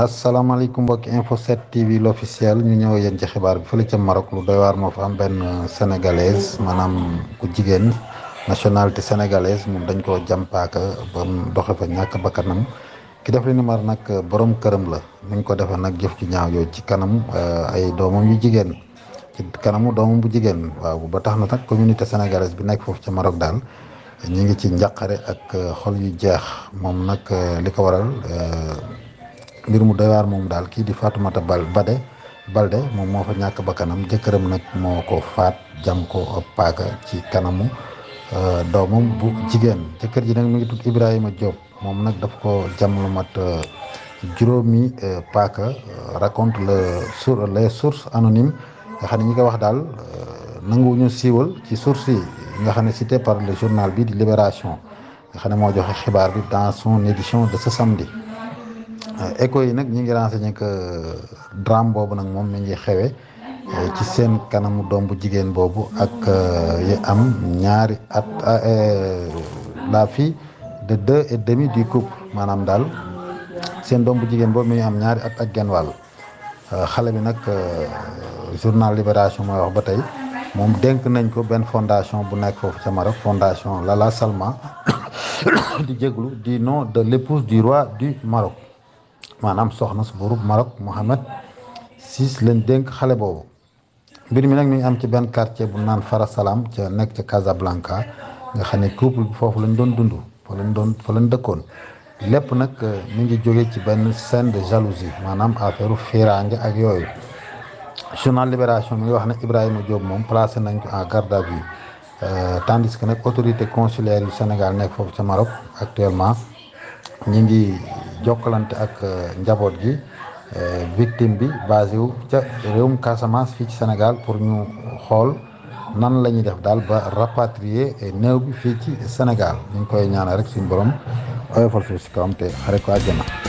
asalaamaaleykum mbokk info 7 TV l' officiel ñu ñëw yéen ci xibaar bi fële ca Maroc lu doy waar moo am benn sénégalaise maanaam ku jigéen nationalité sénégalaise moom dañ koo jàmpaaka ba doxe fa ñàkk bakkanam ki def la ni mar nag borom këram la nu nuñ ko defee nag jëf ju ñaaw yooyu ci kanam eh, ay doomam yu jigéen ci kanamu doomam bu jigéen waaw ba tax na nag communauté sénégalaise bi nekk foofu ca Maroc daal ñu ngi ci njàqare ak eh, xol yu jeex moom nag eh, li ko waral. mbir mu doy moom daal kii di Fatoumata Bal Bade Balde moom moo fa ñàkk ba bakkanam jëkkëram nag moo ko faat jam ko paaka ci kanamu euh, doomam bu jigéen jëkkër ji nag mu ngi tudd Ibrahima Diop moom nag daf ko jam lu mat euh, juróomi euh, paaka raconte le sur les sources anonymes nga xam ne ñi ko wax daal nanguwuñu siiwal ci source yi nga xam ne cité par le journal bi di Libération nga xam ne moo joxe xibaar bi dans son édition de ce samedi écho euh, yi nag ñi ngi renseigné que euh, drame boobu nag moom mi ngi xewe euh, ci seen kanamu doom bu jigéen boobu ak yi am ñaari at la de deux et demi du maanaam daal seen doom bu jigéen boobu mi ngi am ñaari at ak genn wàll xale bi nag journal Libération mooy wax ba tey moom denk nañ ko benn fondation bu nekk foofu ca Maroc fondation Lalla Salma di jéglu di nom de l'épouse du roi du Maroc maanaam soxna su buurub Maroc Mohammed siis lañ dénk xale boobu mbir mi nag mi ngi am ci benn quartier bu naan Fara Salam ca nekk ca Casablanca nga xam ne couple bi foofu lañ doon dund fa lañ doon fa dëkkoon lépp nag euh, mi ngi jóge ci benn scène de jalousie maanaam affaire firange ak yooyu journal Libération mi ngi wax ne Ibrahima Diop moom placé nañ ko en garde à vue euh, tandis que nag autorité consulaire yu Sénégal nekk foofu ca Maroc actuellement ñi ngi jokkalante ak euh, njaboot gi euh, victime bi basé wu ca réewum Casamance fii ci Sénégal pour ñu xool nan la def daal ba rapatrier new bi fii ci Sénégal ñu ngi koy ñaanal rek suñu borom oyofal suuf si kawam te xare ko àjjana